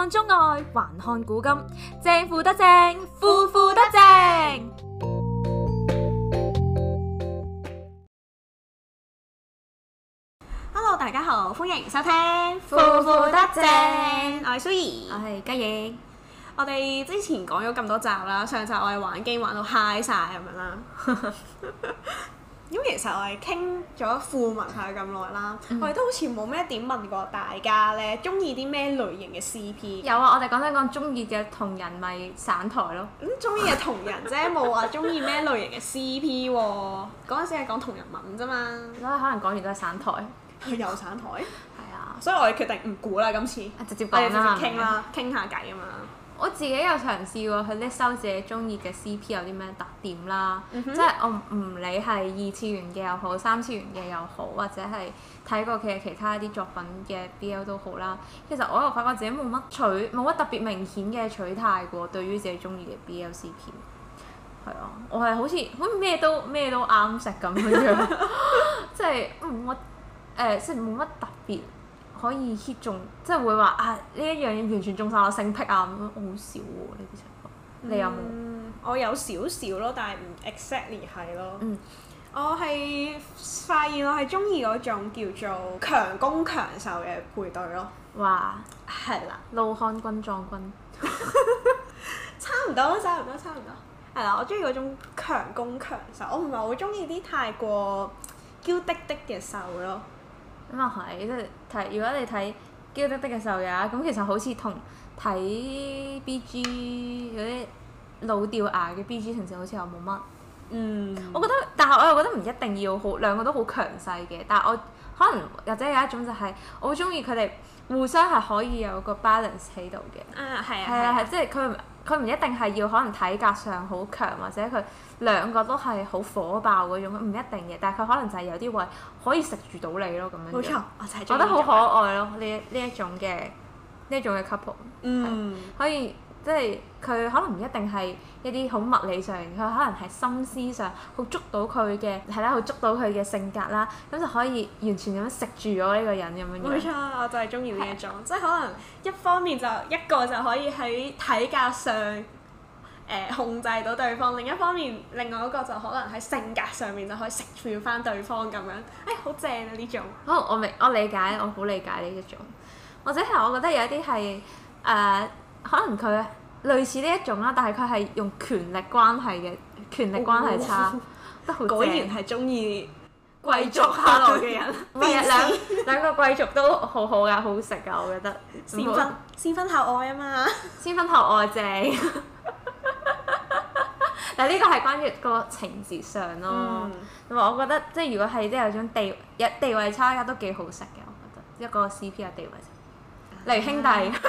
看中外，還看古今。正負得正，腐腐得正。Hello，大家好，歡迎收聽《腐腐得正》。我係蘇怡，我係雞翼。我哋之前講咗咁多集啦，上集我哋玩 game 玩到 high 曬咁樣啦。咁其實我哋傾咗富文下咁耐啦，嗯、我哋都好似冇咩點問過大家咧，中意啲咩類型嘅 C P？有啊，我哋講緊講中意嘅同人咪散台咯。咁中意嘅同人啫，冇話中意咩類型嘅 C P 喎。嗰陣時係講同人文啫嘛。都係可能講完都係散台。佢 又散台？係 啊，所以我哋決定唔估啦，今次直接講直接傾啦，傾下偈啊嘛。我自己有嘗試喎，去 r 收自己中意嘅 CP 有啲咩特點啦，mm hmm. 即係我唔理係二次元嘅又好，三次元嘅又好，或者係睇過嘅其他啲作品嘅 BL 都好啦。其實我又發覺自己冇乜取冇乜特別明顯嘅取態喎，對於自己中意嘅 BLCP。係啊，我係好似好似咩都咩都啱食咁樣，即係冇乜誒，即係冇乜特別。可以 hit 中，即係會話啊呢一樣嘢完全中晒我性癖啊咁樣，我好少喎呢啲情況。你有冇、嗯？我有少少咯，但係唔 exactly 係咯。嗯。我係發現我係中意嗰種叫做強攻強受嘅配哇對咯了。話係啦。怒漢軍裝軍。差唔多，差唔多，差唔多。係啦，我中意嗰種強攻強受，我唔係好中意啲太過嬌滴滴嘅受咯。咁又係，即係睇如果你睇《嬌滴滴》嘅時候呀，咁其實好似同睇 B G 嗰啲老掉牙嘅 B G 成績好似又冇乜。嗯。我覺得，但係我又覺得唔一定要好兩個都好強勢嘅，但係我可能或者有一種就係、是、我好中意佢哋互相係可以有個 balance 喺度嘅。啊，係啊。係啊，即係佢。佢唔一定係要可能體格上好強，或者佢兩個都係好火爆嗰種，唔一定嘅。但係佢可能就係有啲位可以食住到你咯，咁樣。冇錯，我就係覺得好可愛咯，呢呢一種嘅呢一種嘅 couple，嗯。嗯，可以。即係佢可能唔一定係一啲好物理上，佢可能係心思上，好捉到佢嘅，係啦，好捉到佢嘅性格啦，咁就可以完全咁樣食住咗呢個人咁樣。冇錯，我就係中意呢一種，係。即係可能一方面就一個就可以喺體格上誒、呃、控制到對方，另一方面另外一個就可能喺性格上面就可以食住翻對方咁樣。誒、哎，好正啊呢種。哦，我明，我理解，我好理解呢一種。或者係我覺得有一啲係誒。呃可能佢類似呢一種啦，但係佢係用權力關係嘅，權力關係差，哦哦哦，都好正。果然係鍾意貴族下來嘅人。每日麼兩 兩個貴族都好好㗎，好食㗎，我覺得。先分好先分後愛啊嘛，先分後愛。正。 但係呢個係關於個情節上咯、啊。同埋、嗯、我覺得，即、就、係、是、如果係即係有種地有地位差嘅都幾好食嘅，我覺得一、就是、個 CP 嘅地位，例如兄弟。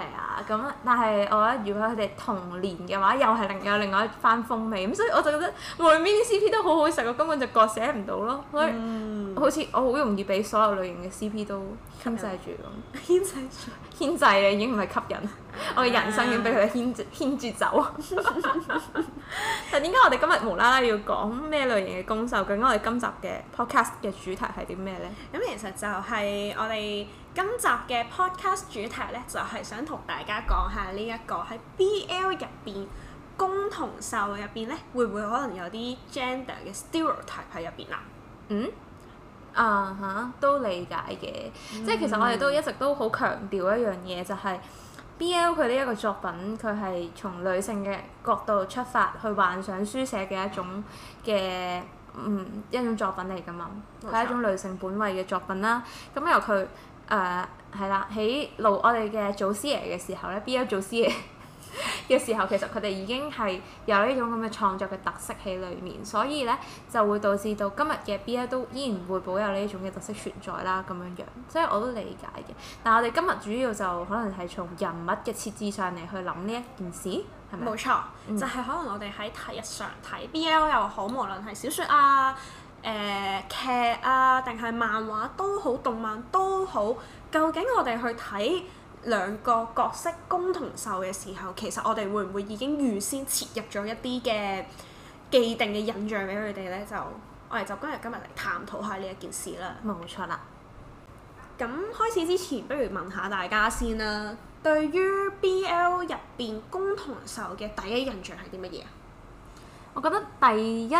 係啊，咁但係我覺得如果佢哋同年嘅話，又係另有另外一番風味，咁所以我就覺得外面啲 CP 都好好食，我根本就割捨唔到咯。所以好似我好容易俾所有類型嘅 CP 都牽制住咁。牽制住牽制你，已經唔係吸引，我嘅人生已經俾佢哋牽牽住走。但係點解我哋今日無啦啦要講咩類型嘅攻受？究竟我哋今集嘅 podcast 嘅主題係啲咩呢？咁其實就係我哋。今集嘅 podcast 主題咧，就係、是、想同大家講下、這個、呢一個喺 BL 入邊，攻同受入邊咧，會唔會可能有啲 gender 嘅 stereotype 喺入邊啊？嗯啊嚇，uh、huh，都理解嘅，嗯、即係其實我哋都一直都好強調一樣嘢，就係、是、BL 佢呢一個作品，佢係從女性嘅角度出發去幻想書寫嘅一種嘅嗯，嗯一種作品嚟㗎嘛，係醜一種女性本位嘅作品啦。咁由佢。誒係啦，喺老、uh, 我哋嘅祖師爺嘅時候咧，BL 祖師爺嘅 時候，其實佢哋已經係有呢種咁嘅創作嘅特色喺裡面，所以咧就會導致到今日嘅 BL 都依然會保有呢種嘅特色存在啦，咁樣樣，即係我都理解嘅。但係我哋今日主要就可能係從人物嘅設置上嚟去諗呢一件事，係咪？冇錯，嗯、就係可能我哋喺睇日常睇 BL 又好，無論係小說啊，誒、呃、劇啊，定係漫畫都好，動漫都好。究竟我哋去睇兩個角色攻同受嘅時候，其實我哋會唔會已經預先切入咗一啲嘅既定嘅印象俾佢哋咧？就我哋就今日今日嚟探討下呢一件事啦。冇錯啦。咁開始之前，不如問下大家先啦。對於 BL 入邊攻同受嘅第一印象係啲乜嘢啊？我覺得第一印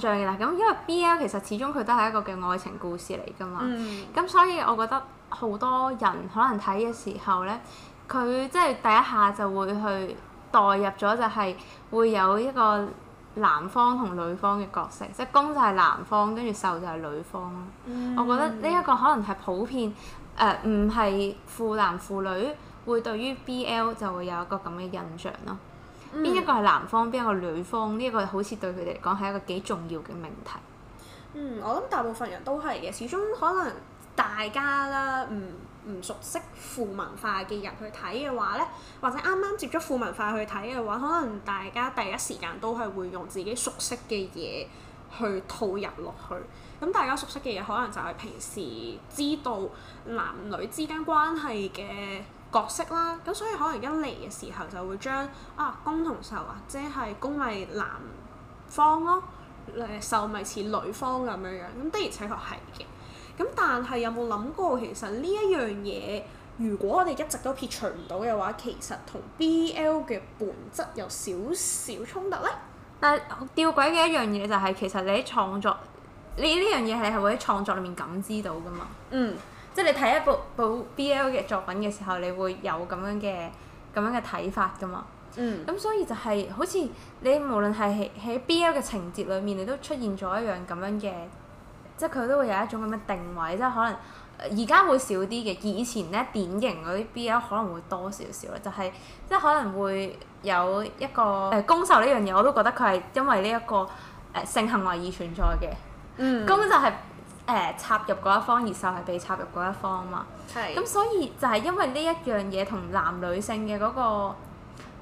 象嘅啦，咁因為 BL 其實始終佢都係一個嘅愛情故事嚟噶嘛，咁、嗯嗯、所以我覺得好多人可能睇嘅時候咧，佢即係第一下就會去代入咗，就係會有一個男方同女方嘅角色，即係攻就係男方，跟住受就係女方咯。嗯、我覺得呢一個可能係普遍誒，唔係腐男腐女會對於 BL 就會有一個咁嘅印象咯。邊一個係男方，邊一個女方？呢一個好似對佢哋嚟講係一個幾重要嘅命題。嗯，我諗大部分人都係嘅，始終可能大家啦，唔唔熟悉腐文化嘅人去睇嘅話咧，或者啱啱接觸腐文化去睇嘅話，可能大家第一時間都係會用自己熟悉嘅嘢去套入落去。咁大家熟悉嘅嘢，可能就係平時知道男女之間關係嘅角色啦，咁所以可能一嚟嘅時候就會將啊攻同受啊，即係攻係男方咯，誒受咪似女方咁樣樣，咁的而且確係嘅。咁但係有冇諗過，其實呢一樣嘢，如果我哋一直都撇除唔到嘅話，其實同 BL 嘅本質有少少衝突呢？但吊詭嘅一樣嘢就係、是，其實你喺創作你呢樣嘢係係會喺創作裡面感知到㗎嘛。嗯。即係你睇一部部 BL 嘅作品嘅時候，你會有咁樣嘅咁樣嘅睇法噶嘛？嗯。咁所以就係、是、好似你無論係喺 BL 嘅情節裏面，你都出現咗一樣咁樣嘅，即係佢都會有一種咁嘅定位，即係可能而家、呃、會少啲嘅，以前咧典型嗰啲 BL 可能會多少少啦，就係、是、即係可能會有一個誒、呃、攻受呢樣嘢，我都覺得佢係因為呢、這、一個誒、呃、性行為而存在嘅。嗯。咁就係、是。呃、插入嗰一方，而受係被插入嗰一方嘛。咁係所以就係因為呢一樣嘢同男女性嘅嗰、嗰個、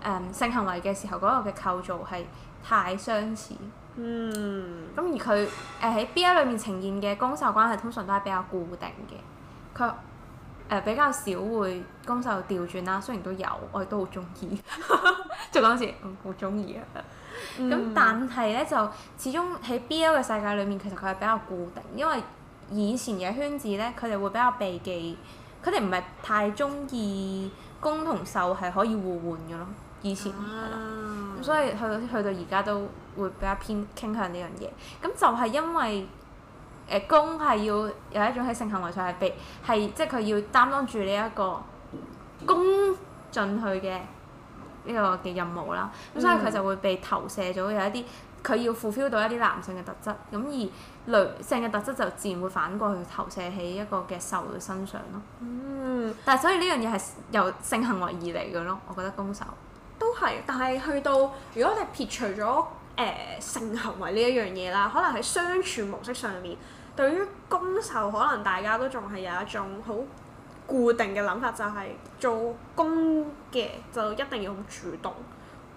呃、性行為嘅時候嗰個嘅構造係太相似。嗯。咁而佢誒喺 BL 裏面呈現嘅攻受關係通常都係比較固定嘅。佢、呃、比較少會攻受調轉啦，雖然都有，我亦都好中意。再講一次，我好中意啊！咁、嗯、但係咧就始終喺 B L 嘅世界裏面，其實佢係比較固定，因為以前嘅圈子咧，佢哋會比較避忌，佢哋唔係太中意攻同受係可以互換嘅咯，以前係啦，咁、啊、所以去到去到而家都會比較偏傾向呢樣嘢。咁就係因為誒、呃、攻係要有一種喺性行為上係避，係即係佢要擔當住呢一個攻進去嘅。呢個嘅任務啦，咁所以佢就會被投射咗有一啲佢要 fulfill 到一啲男性嘅特質，咁而女性嘅特質就自然會反過去投射喺一個嘅受嘅身上咯。嗯，但係所以呢樣嘢係由性行為而嚟嘅咯，我覺得攻受都係，但係去到如果我哋撇除咗誒性行為呢一樣嘢啦，可能喺相處模式上面，對於攻受可能大家都仲係有一種好固定嘅諗法就係、是、做攻嘅就一定要好主動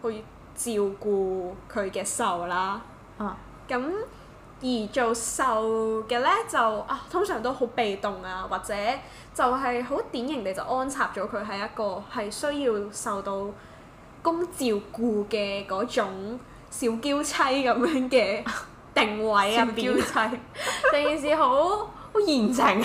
去照顧佢嘅受啦，咁、啊、而做受嘅呢，就啊通常都好被動啊，或者就係好典型地就安插咗佢係一個係需要受到攻照顧嘅嗰種小嬌妻咁樣嘅定位啊，小嬌妻、啊，成件事好好言情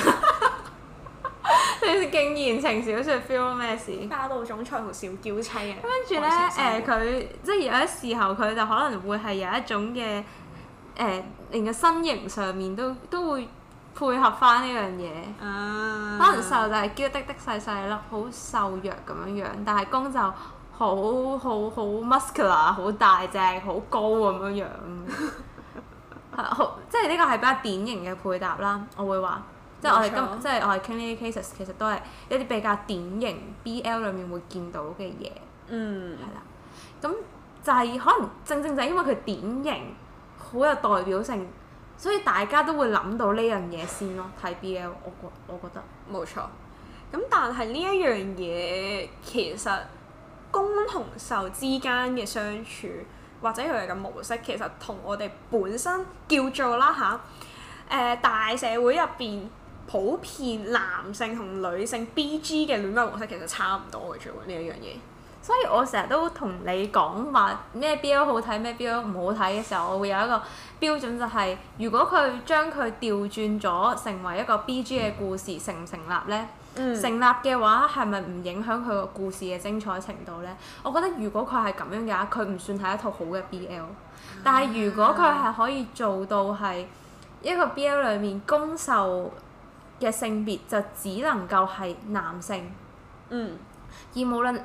你勁言情小説 feel 咩事？霸道總裁同小嬌妻嘅、啊，跟住咧誒，佢、呃、即係有一時候佢就可能會係有一種嘅誒、呃，連個身形上面都都會配合翻呢樣嘢。啊、可能瘦就係嬌滴滴細細粒，好瘦弱咁樣樣，但係攻就好好好 muscular，好大隻，好高咁樣樣。好，即係呢個係比較典型嘅配搭啦。我會話。即係我哋今錯即係我哋傾呢啲 cases，其實都係一啲比較典型 BL 裡面會見到嘅嘢，係啦、嗯。咁就係可能正正就係因為佢典型，好有代表性，所以大家都會諗到呢樣嘢先咯。睇 BL，我覺我覺得冇、嗯、錯。咁但係呢一樣嘢其實攻同受之間嘅相處或者佢哋嘅模式，其實同我哋本身叫做啦嚇，誒、啊呃、大社會入邊。普遍男性同女性 BG 嘅戀愛模式其實差唔多嘅啫喎，呢一樣嘢。所以我成日都同你講話咩 BL 好睇，咩 BL 唔好睇嘅時候，我會有一個標準就係、是，如果佢將佢調轉咗成為一個 BG 嘅故事，嗯、成唔成立呢？嗯、成立嘅話，係咪唔影響佢個故事嘅精彩程度呢？我覺得如果佢係咁樣嘅話，佢唔算係一套好嘅 BL、啊、但係如果佢係可以做到係一個 BL 裡面攻受嘅性別就只能夠係男性，嗯，而無論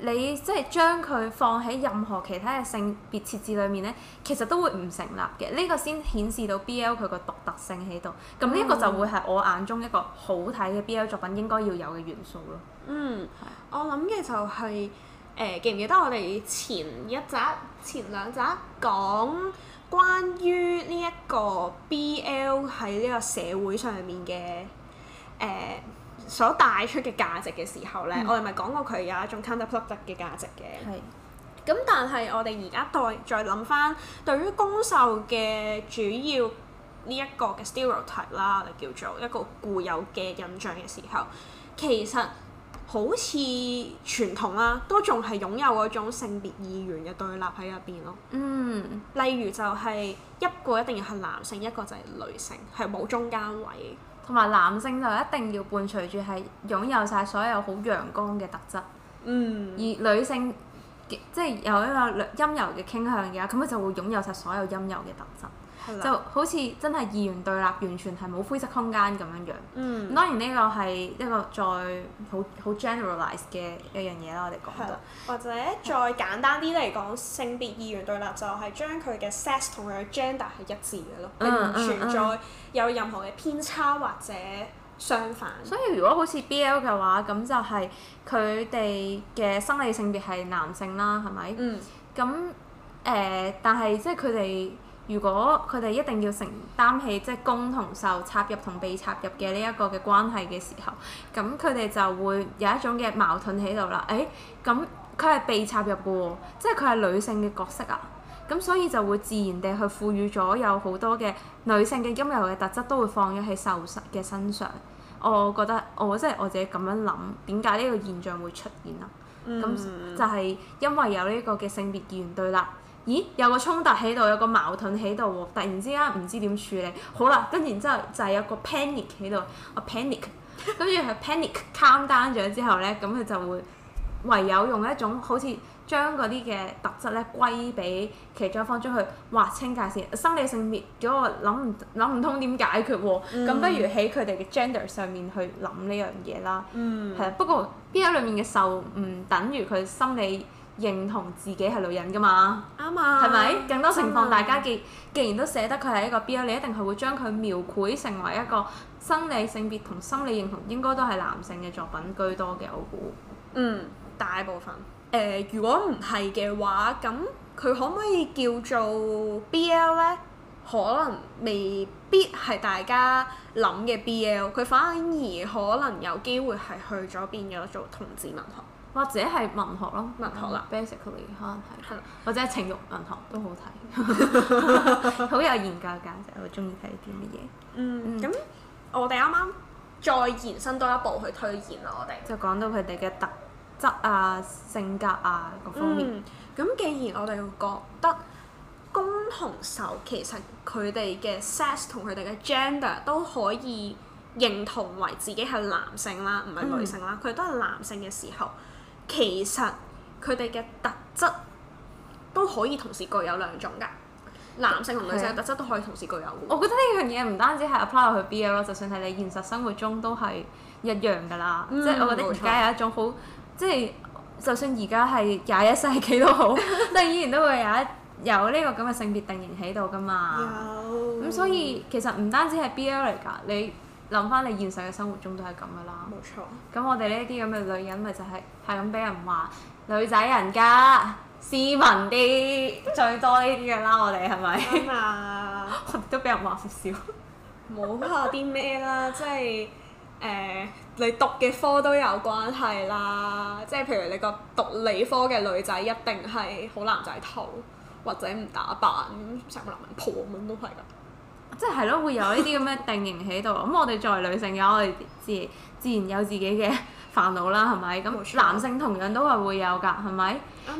你即係、就是、將佢放喺任何其他嘅性別設置裡面咧，其實都會唔成立嘅。呢、這個先顯示到 BL 佢個獨特性喺度，咁呢一個就會係我眼中一個好睇嘅 BL 作品應該要有嘅元素咯。嗯，我諗嘅就係、是、誒、呃，記唔記得我哋前一集、前兩集講，關於呢一個 BL 喺呢個社會上面嘅誒、呃、所帶出嘅價值嘅時候咧，嗯、我哋咪講過佢有一種 counterproductive 嘅價值嘅。係是。咁但係我哋而家再再諗翻，對於攻受嘅主要呢一個嘅 stereotype 啦，叫做一個固有嘅印象嘅時候，其實。好似傳統啦、啊，都仲係擁有嗰種性別意願嘅對立喺入邊咯。嗯，例如就係一個一定要係男性，一個就係女性，係冇中間位。同埋男性就一定要伴隨住係擁有晒所有好陽光嘅特質。嗯。而女性，即係有一個陰柔嘅傾向嘅話，咁佢就會擁有晒所有陰柔嘅特質。就好似真係二元對立，完全係冇灰色空間咁樣樣。嗯，當然呢個係一個再好好 generalize 嘅一樣嘢啦。我哋講到，或者再簡單啲嚟講，嗯、性別二元對立就係將佢嘅 sex 同佢嘅 gender 係一致嘅咯，並唔存在有任何嘅偏差或者相反。嗯嗯嗯、所以如果好似 BL 嘅話，咁就係佢哋嘅生理性別係男性啦，係咪？嗯。咁誒、呃，但係即係佢哋。如果佢哋一定要承擔起即係攻同受、插入同被插入嘅呢一個嘅關係嘅時候，咁佢哋就會有一種嘅矛盾喺度啦。誒、哎，咁佢係被插入嘅喎、哦，即係佢係女性嘅角色啊。咁所以就會自然地去賦予咗有好多嘅女性嘅陰柔嘅特質都會放咗喺受嘅身上。我覺得我即係我自己咁樣諗，點解呢個現象會出現啊？咁、嗯、就係因為有呢個嘅性別二元對立。咦，有個衝突喺度，有個矛盾喺度喎，突然之間唔知點處理，好啦，跟然、就是、 之後就係有個 panic 喺度，我 panic，跟住佢 panic calm down 咗之後咧，咁佢就會唯有用一種好似將嗰啲嘅特質咧歸俾其中一方去，將佢劃清界線。生理性別，叫我諗唔諗唔通點解決喎？咁、嗯、不如喺佢哋嘅 gender 上面去諗呢樣嘢啦。嗯，係啊，不過 BL 裏面嘅受唔等於佢心理。認同自己係女人㗎嘛？啱、嗯、啊，係咪？更多情況，大家既、嗯啊、既然都寫得佢係一個 BL，你一定係會將佢描繪成為一個生理性別同心理認同應該都係男性嘅作品居多嘅，我估。嗯，大部分。誒、呃，如果唔係嘅話，咁佢可唔可以叫做 BL 呢？可能未必係大家諗嘅 BL，佢反而可能有機會係去咗變咗做同志文學。或者係文學咯，文學啦，basically、啊、可能係，啊、或者係情欲文學都好睇，好 有研究價值。好中意睇啲乜嘢。嗯，咁、嗯、我哋啱啱再延伸多一步去推薦咯，我哋就講到佢哋嘅特質啊、性格啊各方面。咁、嗯、既然我哋覺得攻同受其實佢哋嘅 sex 同佢哋嘅 gender 都可以認同為自己係男性啦，唔係女性啦，佢、嗯、都係男性嘅時候。其實佢哋嘅特質都可以同時具有兩種㗎，男性同女性嘅特質都可以同時具有。我覺得呢樣嘢唔單止係 apply 去 BL 咯，就算係你現實生活中都係一樣㗎啦。即係、嗯、我覺得而家有一種、嗯、好，即係就算而家係廿一世紀都好，但依然都會有一、這個、有呢個咁嘅性別定型喺度㗎嘛。咁有所以其實唔單止係 BL 嚟㗎，你。諗翻你現實嘅生活中都係咁噶啦，冇錯。咁我哋呢啲咁嘅女人咪就係係咁俾人話 女仔人家 斯文啲 最多呢啲嘅啦，我哋係咪？啊！我 都俾人話少。冇啊！啲咩啦？即係誒、呃，你讀嘅科都有關係啦。即係譬如你個讀理科嘅女仔，一定係好男仔頭，或者唔打扮，成個男人婆咁樣都係噶。即係咯，會有呢啲咁嘅定型喺度、 嗯。咁我哋作為女性嘅話，我哋自自然有自己嘅煩惱啦，係咪？咁錯男性同樣都係會有㗎，係咪？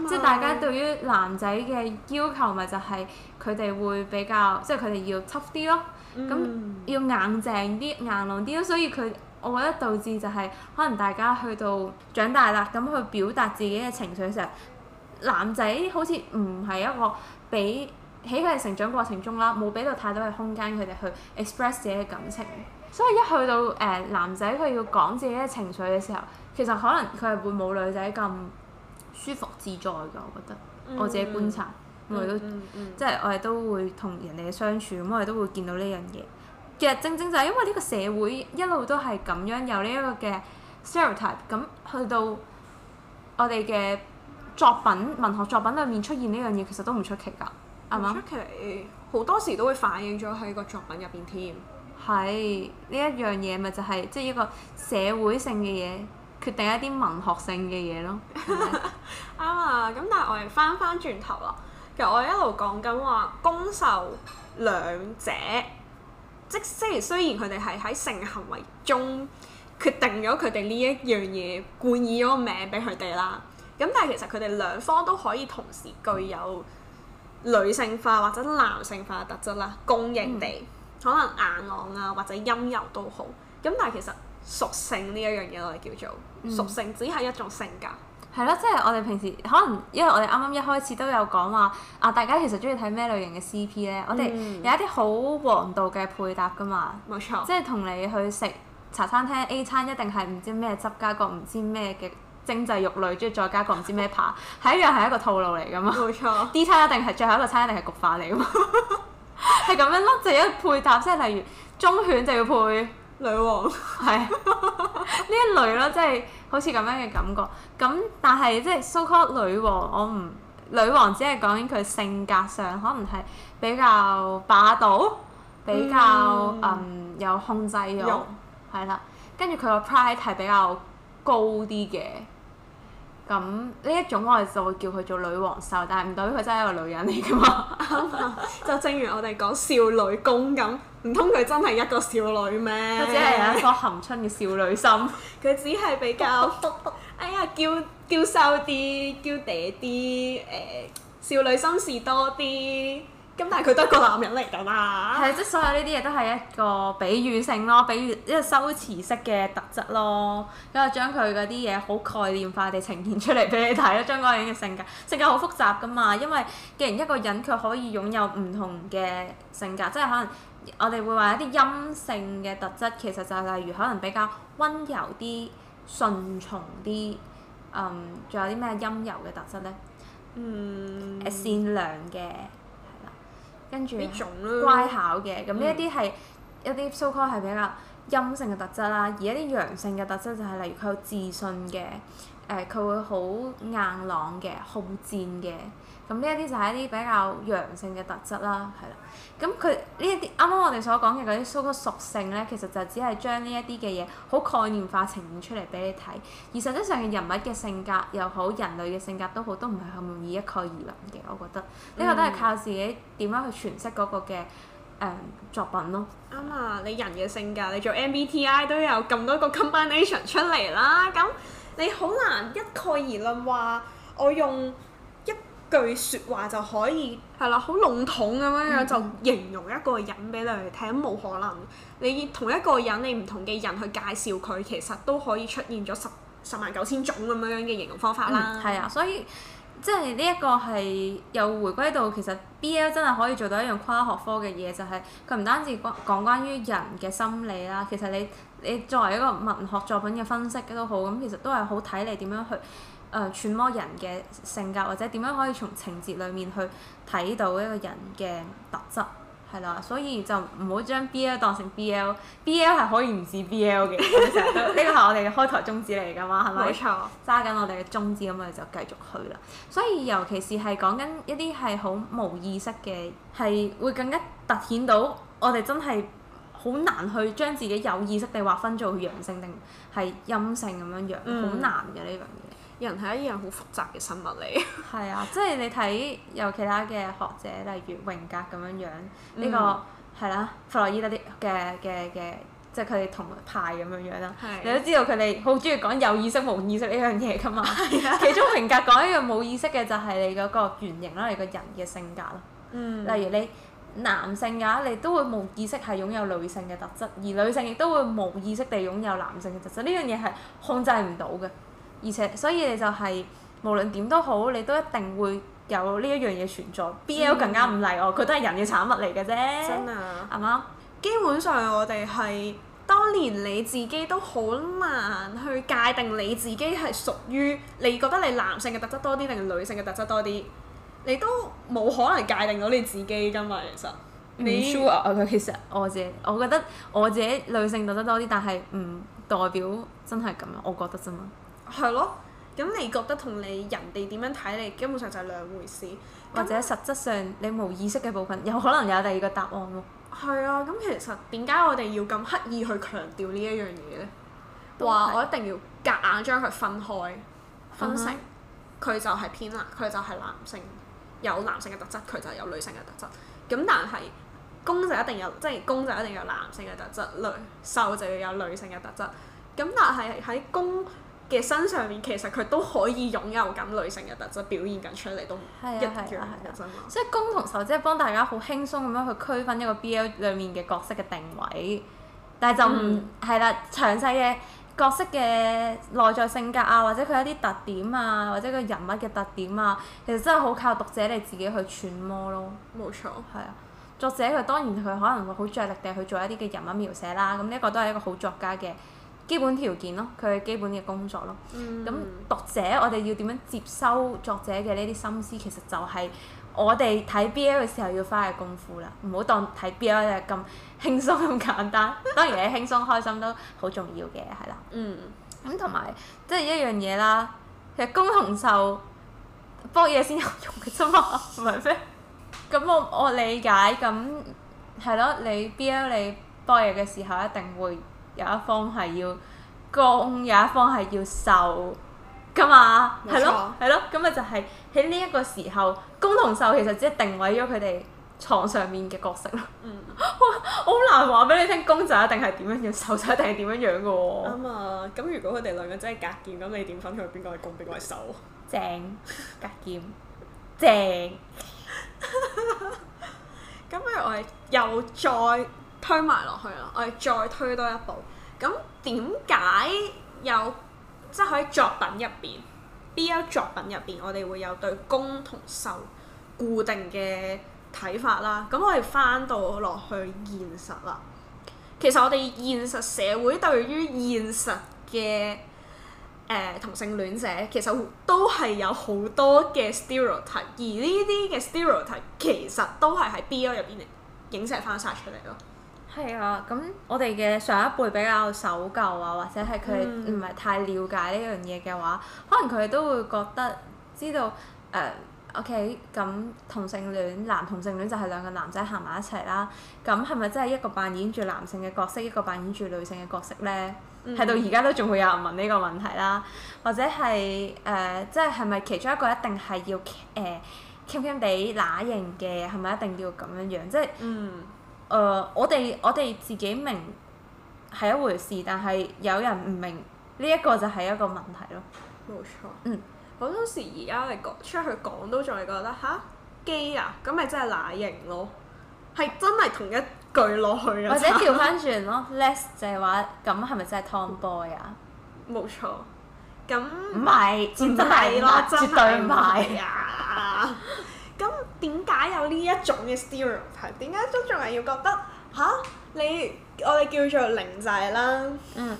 即係大家對於男仔嘅要求，咪就係佢哋會比較，即係佢哋要執啲咯。咁、嗯、要硬淨啲、硬朗啲咯。所以佢，我覺得導致就係可能大家去到長大啦，咁去表達自己嘅情緒上，男仔好似唔係一個比。喺佢哋成長過程中啦，冇俾到太多嘅空間，佢哋去 express 自己嘅感情。所以一去到誒、uh, 男仔，佢要講自己嘅情緒嘅時候，其實可能佢係會冇女仔咁舒服自在㗎。我覺得我自己觀察，mm hmm. 我哋都、mm hmm. 即係我哋都會同人哋嘅相處，咁我哋都會見到呢樣嘢。其實正正就係因為呢個社會一路都係咁樣有呢一個嘅 stereotype，咁去到我哋嘅作品文學作品裏面出現呢樣嘢，其實都唔出奇㗎。出奇好多時都會反映咗喺個作品入邊添。係呢一樣嘢咪就係、是、即係一個社會性嘅嘢，決定一啲文學性嘅嘢咯。啱啊！咁 但係我哋翻翻轉頭啦，其實我一路講緊話攻受兩者，即，即雖然雖然佢哋係喺性行為中決定咗佢哋呢一樣嘢，冠以咗個名俾佢哋啦。咁但係其實佢哋兩方都可以同時具有、嗯。女性化或者男性化嘅特質啦，公認地、嗯、可能硬朗啊或者陰柔都好。咁但係其實屬性呢一樣嘢我哋叫做屬、嗯、性，只係一種性格。係咯，即係我哋平時可能因為我哋啱啱一開始都有講話啊，大家其實中意睇咩類型嘅 CP 呢？嗯、我哋有一啲好黃道嘅配搭噶嘛，冇錯，即係同你去食茶餐廳 A 餐一定係唔知咩汁加個唔知咩嘅。精製肉類，仲要再加個唔知咩扒，係一樣係一個套路嚟噶嘛？冇錯。D 餐一定係最後一個餐，一定係焗化嚟嘛？係咁 樣咯，就一配搭，即係例如中犬就要配女王，係 呢一類咯，即係好似咁樣嘅感覺。咁但係即係 so called 女王，我唔女王只係講緊佢性格上可能係比較霸道，比較嗯，嗯有控制欲，係啦有。跟住佢個 pride 係比較高啲嘅，咁呢一種我哋就會叫佢做女王受，但係唔代表佢真係一個女人嚟㗎嘛， 就正如我哋講少女攻咁，唔通佢真係一個少女咩？佢只係一個含春嘅少女心，佢 只係比較 哎呀嬌嬌羞啲、嬌嗲啲，誒少、呃、少女心事多啲。咁但係佢都係個男人嚟㗎嘛，係即係所有呢啲嘢都係一個比喻性咯，比喻一個修辭式嘅特質咯，咁就將佢嗰啲嘢好概念化地呈現出嚟俾你睇咯。張國榮嘅性格性格好複雜噶嘛，因為既然一個人佢可以擁有唔同嘅性格，即係可能我哋會話一啲陰性嘅特質，其實就係例如可能比較溫柔啲、順從啲，嗯，仲有啲咩陰柔嘅特質呢？嗯，善良嘅。跟住乖巧嘅，咁呢一啲係、嗯、一啲 so-called 係比較陰性嘅特質啦，而一啲陽性嘅特質就係，例如佢有自信嘅。誒佢、呃、會好硬朗嘅好戰嘅，咁呢一啲就係一啲比較陽性嘅特質啦，係啦。咁佢呢一啲啱啱我哋所講嘅嗰啲 super 屬性咧，其實就只係將呢一啲嘅嘢好概念化呈現出嚟俾你睇，而實際上嘅人物嘅性格又好，人類嘅性格都好，都唔係咁容易一概而論嘅。我覺得呢、嗯、個都係靠自己點樣去詮釋嗰個嘅誒、呃、作品咯。啱啊，你人嘅性格，你做 MBTI 都有咁多個 combination 出嚟啦，咁。你好難一概而論話我用一句説話就可以係啦，好籠統咁樣樣、嗯、就形容一個人俾你嚟聽冇可能。你同一個人，你唔同嘅人去介紹佢，其實都可以出現咗十十萬九千種咁樣樣嘅形容方法啦。係啊、嗯，所以即係呢一個係又回歸到其實 BL 真係可以做到一樣跨學科嘅嘢，就係佢唔單止講講關於人嘅心理啦，其實你。你作為一個文學作品嘅分析都好，咁其實都係好睇你點樣去，誒、呃、揣摩人嘅性格或者點樣可以從情節裡面去睇到一個人嘅特質，係啦，所以就唔好將 BL 當成 BL，BL 係 BL 可以唔 是 BL 嘅，呢個係我哋嘅開台宗旨嚟㗎嘛，係咪 吧？冇錯。揸緊我哋嘅宗旨咁啊，我哋就繼續去啦。所以尤其是係講緊一啲係好冇意識嘅，係會更加突顯到我哋真係。好難去將自己有意識地劃分做陽性定係陰性咁樣樣，好、嗯、難嘅呢樣嘢。人係一樣好複雜嘅生物嚟。係啊， 即、就、係、是、你睇有其他嘅學者，例如榮格咁樣樣，呢、嗯這個係啦，弗洛伊德啲嘅嘅嘅，即係佢哋同派咁樣樣啦。的你都知道佢哋好鍾意講有意識無意識呢樣嘢㗎嘛？是的 其中榮格講一樣冇意識嘅就係你嗰個原型啦，你個人嘅性格咯。嗯，嗯。例如你，男性嘅話，你都會冇意識係擁有女性嘅特質，而女性亦都會冇意識地擁有男性嘅特質。呢樣嘢係控制唔到嘅，而且所以你就係、是、無論點都好，你都一定會有呢一樣嘢存在。嗯、B L 更加唔例外，佢都係人嘅產物嚟嘅啫，係嘛的？吧基本上我哋係當年你自己都好難去界定你自己係屬於你覺得你男性嘅特質多啲定係女性嘅特質多啲。你都冇可能界定到你自己㗎嘛，其實你。唔 sure 啊，其實我自己，我覺得我自己女性多得多啲，但係唔代表真係咁啊，我覺得啫嘛。係咯，咁你覺得同你人哋點樣睇你，根本上就係兩回事，或者那實質上你冇意識嘅部分，有可能有第二個答案喎。係啊，咁其實點解我哋要咁刻意去強調呢一樣嘢咧？話是我一定要夾硬將佢分開、分性，佢、uh huh. 就係偏男，佢就係男性。有男性嘅特質，佢就有女性嘅特質。咁但係攻就一定有，即係攻就一定有男性嘅特質，女受就要有女性嘅特質。咁但係喺攻嘅身上面，其實佢都可以擁有咁女性嘅特質，表現緊出嚟都一樣嘅。即係、啊啊啊啊啊、攻同受，即係幫大家好輕鬆咁樣去區分一個 BL 裡面嘅角色嘅定位。但係就唔係啦，詳細嘅。角色嘅內在性格啊，或者佢一啲特點啊，或者佢人物嘅特點啊，其實真係好靠讀者你自己去揣摩咯。冇錯。係啊，作者佢當然佢可能會好着力地去做一啲嘅人物描寫啦，咁呢個都係一個好作家嘅基本條件咯，佢嘅基本嘅工作咯。嗯。咁讀者，我哋要點樣接收作者嘅呢啲心思，其實就係。我哋睇 BL 嘅時候要花嘅功夫啦，唔好當睇 BL 就咁輕鬆咁簡單。 當然你輕鬆開心都好重要嘅，係啦。嗯，咁同埋即係一樣嘢啦，其實攻同受搏嘢先有用嘅啫嘛，係咪先？咁 我，我理解，咁係咯，你 BL 你搏嘢嘅時候一定會有一方係要攻，有一方係要受。咁啊，係錯咯，係咯，咁咪就係喺呢一個時候，攻同受其實只係定位咗佢哋床上面嘅角色咯。嗯，好難話俾你聽，攻仔一定係點樣樣，受仔一定係點樣樣嘅喎。啱、嗯、啊，咁如果佢哋兩個真係隔劍，咁你點分佢邊個係攻，邊個係受？正隔劍正。咁 我哋又再推埋落去啦，我哋再推多一步。咁點解有？即係喺作品入邊，BL 作品入邊，我哋會有對攻同受固定嘅睇法啦。咁我哋翻到落去現實啦。其實我哋現實社會對於現實嘅誒、呃、同性戀者，其實都係有好多嘅 stereotype，而呢啲嘅 stereotype 其實都係喺 BL 入邊嚟影射翻晒出嚟咯。係啊，咁我哋嘅上一輩比較守舊啊，或者係佢唔係太了解呢樣嘢嘅話，嗯、可能佢哋都會覺得知道誒、呃、OK，咁同性戀男同性戀就係兩個男仔行埋一齊啦。咁係咪真係一個扮演住男性嘅角色，一個扮演住女性嘅角色呢？係、嗯、到而家都仲會有人問呢個問題啦，或者係誒，即係係咪其中一個一定係要誒傾傾地乸型嘅，係咪一定要咁樣樣？即、就、係、是、嗯。誒、uh,，我哋我哋自己明係一回事，但係有人唔明呢一個就係一個問題咯。冇錯。嗯，好多時而家你講出去講都仲係覺得吓，gay 啊，咁咪真係乸型咯？係真係同一句落去。 是是啊，或者調翻轉咯，less 就係話咁係咪真係 tomboy 啊？冇錯。咁唔係，唔係咯，絕對唔係。咁點解有呢一種嘅 stereotype，點解都仲係要覺得嚇、啊、你？我哋叫做仔、嗯、零仔啦，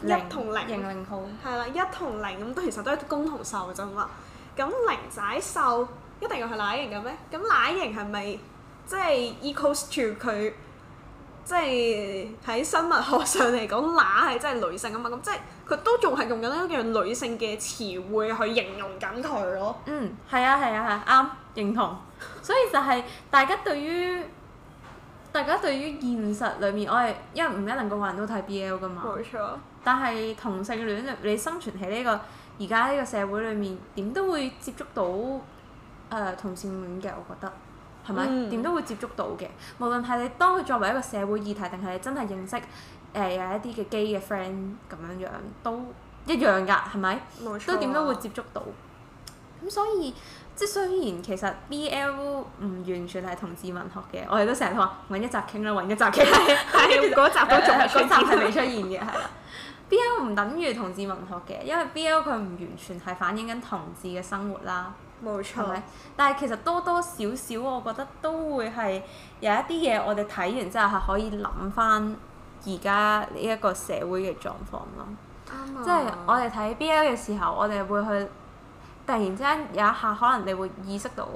一同零，係啦，一同零咁，其實都係攻同受嘅啫嘛。咁零仔受一定要係乸型嘅咩？咁乸型係咪即係、就是、equals to 佢？即係喺生物學上嚟講，乸係真係女性啊嘛。咁即係佢都仲係用緊一樣女性嘅詞彙去形容緊佢咯。嗯，係啊，係啊，係啱、啊啊，認同。所以就係大家對於大家對於現實裏面，我係因為唔係個個人都睇 BL 㗎嘛。冇錯。但係同性戀，你生存喺呢、這個而家呢個社會裏面，點都會接觸到誒、呃、同性戀嘅，我覺得係咪？點、嗯、都會接觸到嘅，無論係你當佢作為一個社會議題，定係你真係認識誒、呃、有一啲嘅 gay 嘅 friend 咁樣樣，都一樣㗎，係咪？冇錯、啊。都點都會接觸到。咁所以。即係雖然其實 BL 唔完全係同志文學嘅，我哋都成日話揾一集傾啦，揾一集傾，係嗰 集都仲係嗰集係未出現嘅。係啦 ，BL 唔等於同志文學嘅，因為 BL 佢唔完全係反映緊同志嘅生活啦。冇錯。係咪？但係其實多多少少，我覺得都會係有一啲嘢，我哋睇完之後係可以諗翻而家呢一個社會嘅狀況咯。啱啊！即係我哋睇 BL 嘅時候，我哋會去。突然之間有一下，可能你會意識到，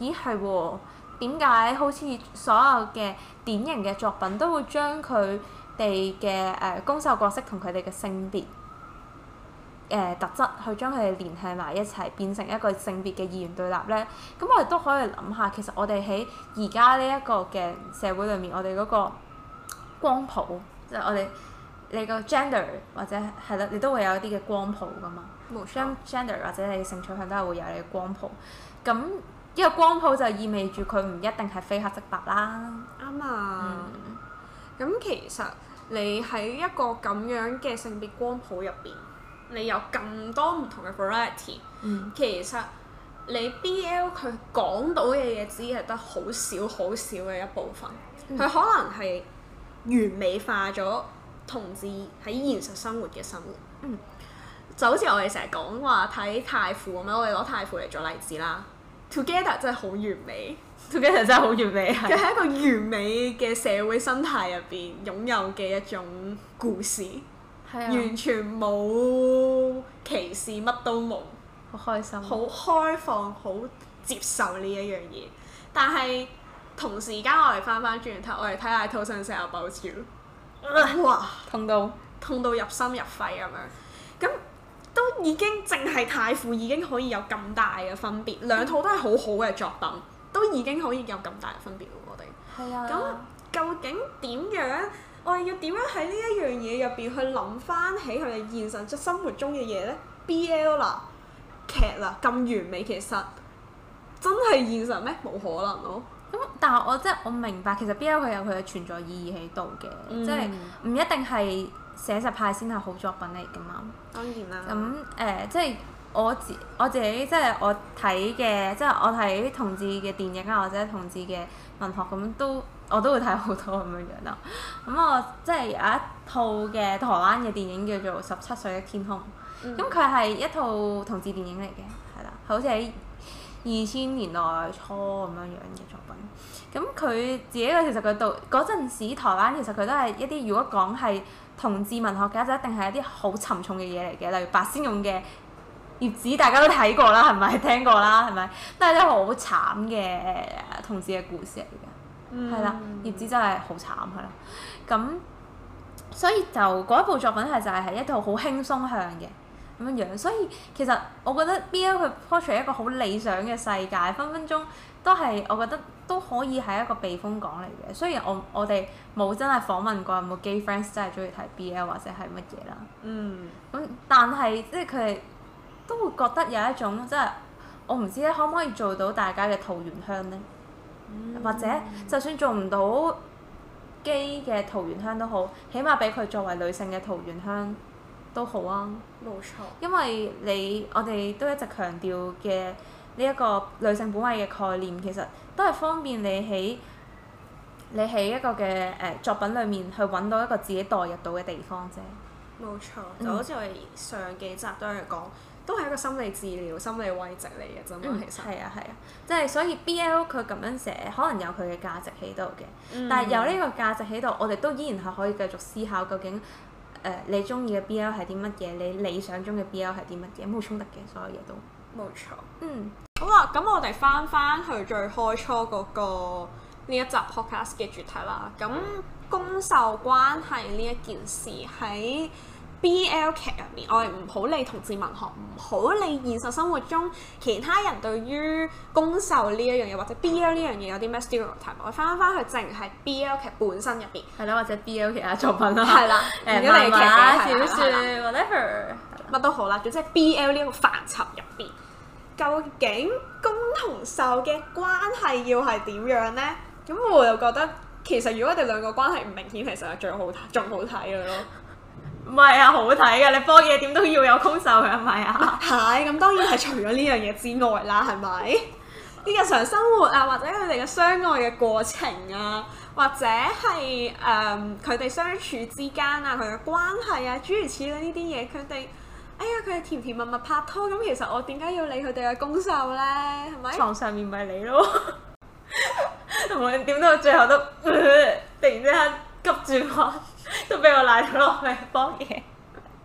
咦係喎？點解好似所有嘅典型嘅作品都會將佢哋嘅誒攻受角色同佢哋嘅性別誒、呃、特質去將佢哋聯繫埋一齊，變成一個性別嘅二元對立咧？咁我哋都可以諗下，其實我哋喺而家呢一個嘅社會裏面，我哋嗰個光譜即係、就是、我哋。你個 gender 或者係啦，你都會有一啲嘅光譜噶嘛。冇錯，gender 或者你性取向都係會有你嘅光譜。咁呢個光譜就意味住佢唔一定係非黑即白啦。啱啊。咁、嗯、其實你喺一個咁樣嘅性別光譜入邊，你有咁多唔同嘅 variety、嗯。其實你 BL 佢講到嘅嘢，只係得好少好少嘅一部分。佢、嗯、可能係完美化咗。同志喺現實生活嘅生活，嗯、就好似我哋成日講話睇泰腐咁啊！我哋攞泰腐嚟做例子啦。Together 真係好完美，Together 真係好完美。佢喺 一個完美嘅社會生態入邊擁有嘅一種故事，的完全冇歧視，乜都冇。好開心。好開放，好接受呢一樣嘢。但係同時間我哋翻翻轉頭，看看我哋睇下《土神社》有爆笑》。哇、呃！痛到痛到入心入肺咁樣，咁都已經淨係太傅已經可以有咁大嘅分別，嗯、兩套都係好好嘅作品，都已經可以有咁大嘅分別、嗯、我哋們。係啊。咁究竟點樣？我哋要點樣喺呢一樣嘢入邊去諗翻起佢哋現實即生活中嘅嘢呢？BL 啦，劇啦，咁完美，其實真係現實咩？冇可能咯～咁、嗯、但係我即係我明白，其實 B L 佢有佢嘅存在意義喺度嘅，嗯、即係唔一定係寫實派先係好作品嚟噶嘛。當然啦。咁誒、嗯呃，即係我自我自己即係我睇嘅，即係我睇同志嘅電影啊，或者同志嘅文學咁都我都會睇好多咁樣樣啦、啊。咁、嗯、我即係有一套嘅台灣嘅電影叫做《十七歲的天空》，咁佢係一套同志電影嚟嘅，係啦，好似喺二千年代初咁樣樣嘅作。咁佢自己咧，其實佢到嗰陣時，台灣其實佢都係一啲如果講係同志文學嘅就一定係一啲好沉重嘅嘢嚟嘅，例如白先勇嘅孽子，大家都睇過啦，係咪聽過啦，係咪？都係一好慘嘅同志嘅故事嚟嘅，係啦、嗯，孽子真係好慘，係啦。咁所以就嗰一部作品係就係係一套好輕鬆向嘅。咁樣所以其實我覺得 BL 佢 portray 一個好理想嘅世界，分分鐘都係我覺得都可以係一個避風港嚟嘅。雖然我我哋冇真係訪問過有冇 gay friends 真係中意睇 BL 或者係乜嘢啦。嗯。咁但係即係佢都會覺得有一種即係我唔知咧，可唔可以做到大家嘅桃源鄉呢？嗯、或者就算做唔到 gay 嘅桃源鄉都好，起碼俾佢作為女性嘅桃源鄉。都好啊，冇錯。因為你我哋都一直強調嘅呢一個女性本位嘅概念，其實都係方便你喺你喺一個嘅誒作品裡面去揾到一個自己代入到嘅地方啫。冇錯，就好似我哋上幾集都係講，嗯、都係一個心理治療、心理慰藉嚟嘅啫嘛。其實係啊係啊，即係、啊就是、所以 B L 佢咁樣寫，可能有佢嘅價值喺度嘅。嗯、但係有呢個價值喺度，我哋都依然係可以繼續思考究竟。誒，你中意嘅 BL 係啲乜嘢？你理想中嘅 BL 係啲乜嘢？冇衝突嘅，所有嘢都冇錯。嗯，好啦，咁我哋翻翻去最開初嗰個呢一集 podcast 嘅主題啦。咁攻受關係呢一件事喺～BL 劇入面，哦、我係唔好理同志文學，唔、嗯、好理現實生活中其他人對於攻受呢一樣嘢或者 BL 呢樣嘢有啲咩討論題目，我翻返去淨係 BL 劇本身入邊，係咯，或者 BL 其他、啊、作品、啊、啦。係啦，漫畫、小説、whatever，乜都好啦，總之 BL 呢個範疇入邊，究竟攻同受嘅關係要係點樣呢？咁我又覺得其實如果佢哋兩個關係唔明顯，其實係最好睇，仲好睇嘅咯。 唔係啊，好睇噶你幫嘢點都要有攻受嘅，係咪啊？係、啊，咁 當然係除咗呢樣嘢之外啦，係咪？啲日 常生活啊，或者佢哋嘅相愛嘅過程啊，或者係誒佢哋相處之間啊，佢嘅關係啊，諸如此類呢啲嘢，佢哋哎呀佢哋甜甜蜜蜜拍拖，咁其實我點解要理佢哋嘅攻受呢？係咪？床上面咪你咯，同埋點到最後都、呃、突然之間急住我。 都俾我賴咗咯，幫嘢。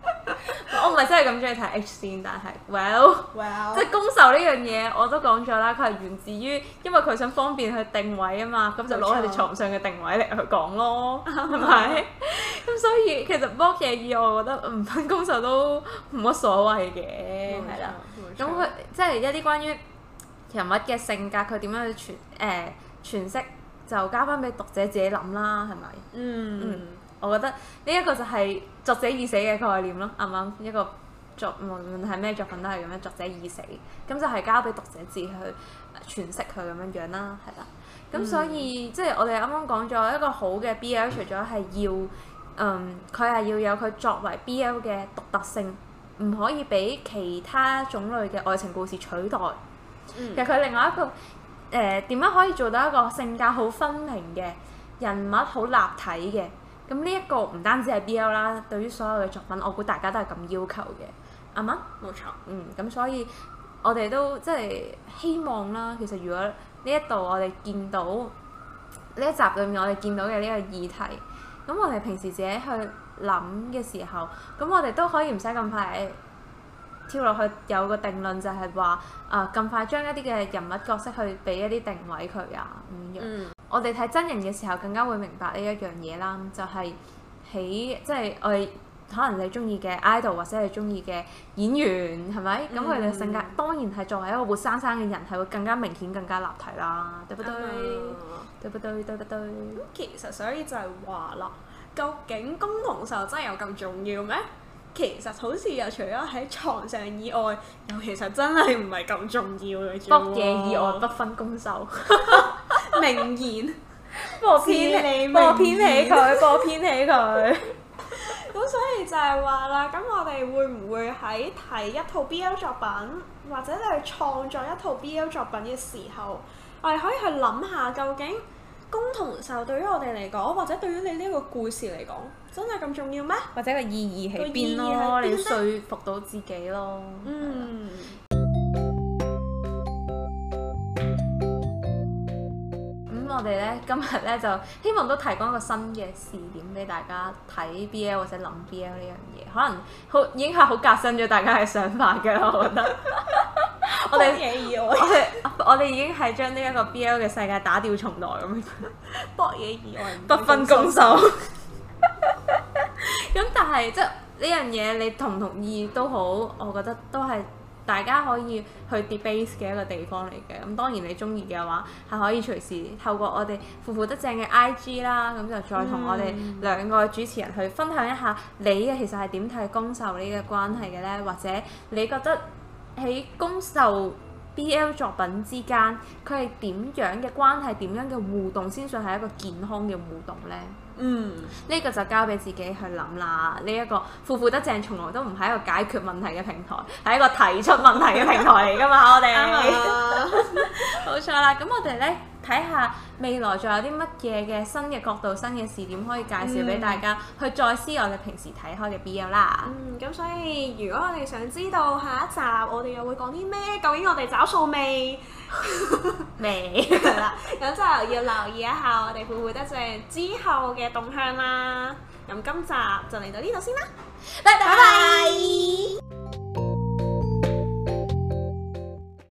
我唔係真係咁中意睇 H C，但係，well，well，即係攻受呢樣嘢，我都講咗啦，佢係源自於，因為佢想方便去定位啊嘛，咁錯就攞佢哋床上嘅定位嚟去講咯，係咪？ 咁、 嗯、所以其實幫嘢以外，我覺得唔分攻受都冇乜所謂嘅，係啦。咁佢即係一啲關於人物嘅性格，佢點樣去詮誒、呃、詮釋，就交翻俾讀者自己諗啦，係咪？嗯。Mm. 我覺得呢一個就係作者已死嘅概念咯，啱啱？一個作無論係咩作品都係咁樣，作者已死咁就係交俾讀者自去詮釋佢咁樣樣啦，係啦。咁所以、嗯、即係我哋啱啱講咗一個好嘅 B L，除咗係要嗯佢係要有佢作為 B L 嘅獨特性，唔可以俾其他種類嘅愛情故事取代。嗯、其實佢另外一個誒點樣可以做到一個性格好分明嘅人物好立體嘅？咁呢一個唔單止係 BL 啦，對於所有嘅作品，我估大家都係咁要求嘅，啱嗎？冇錯，嗯，咁所以我哋都即係希望啦。其實如果呢一度我哋見到呢一集裏面我哋見到嘅呢個議題，咁我哋平時自己去諗嘅時候，咁我哋都可以唔使咁快跳落去有個定論，就係話啊，咁快將一啲嘅人物角色去俾一啲定位佢啊咁樣。我哋睇真人嘅時候，更加會明白呢一樣嘢啦，就係、是、喺即係我哋可能你中意嘅 idol 或者你中意嘅演員，係咪？咁佢哋性格當然係作為一個活生生嘅人，係會更加明顯、更加立體啦，對不對？嗯、對不對？對不對？咁、嗯、其實所以就係話啦，究竟攻同受真係有咁重要咩？其實好似又除咗喺床上以外，又其實真係唔係咁重要嘅。半夜以外不分攻受。 名言 播偏片你播， 播偏起佢，播偏起佢。咁所以就係話啦，咁我哋會唔會喺睇一套 BL 作品，或者你去創作一套 BL 作品嘅時候，我哋可以去諗下，究竟攻同受對於我哋嚟講，或者對於你呢個故事嚟講，真係咁重要咩？或者個意義喺邊咯？你要説服到自己咯？嗯。我哋咧今日咧就希望都提供一個新嘅視點俾大家睇 BL 或者諗 BL 呢樣嘢，可能好已經係好革新咗大家嘅想法嘅啦。我覺得， 我哋們嘢我哋們 我哋已經係將呢一個 BL 嘅世界打掉重來咁， 博嘢以外不分攻受。咁 但係即係呢樣嘢，你同唔同意都好，我覺得都係。大家可以去 debate 嘅一個地方嚟嘅，咁當然你中意嘅話，係可以隨時透過我哋腐腐得正嘅 IG 啦，咁就再同我哋兩個主持人去分享一下你嘅其實係點睇攻受呢個關係嘅咧，或者你覺得喺攻受 BL 作品之間，佢係點樣嘅關係，點樣嘅互動先算係一個健康嘅互動咧？嗯、呢、這個就交俾自己去諗啦。呢、這、一個腐腐得正，從來都唔係一個解決問題嘅平台，係 一個提出問題嘅平台嚟㗎嘛？我哋，冇錯啦。咁我哋呢。睇下未來仲有啲乜嘢嘅新嘅角度、新嘅視點可以介紹俾大家，去再思我哋平時睇開嘅 BL 啦。嗯，咁所以如果我哋想知道下一集我哋又會講啲咩，究竟我哋找數未？未啦。咁就要留意一下我哋腐腐得正之後嘅動向啦。咁今集就嚟到呢度先啦。拜拜。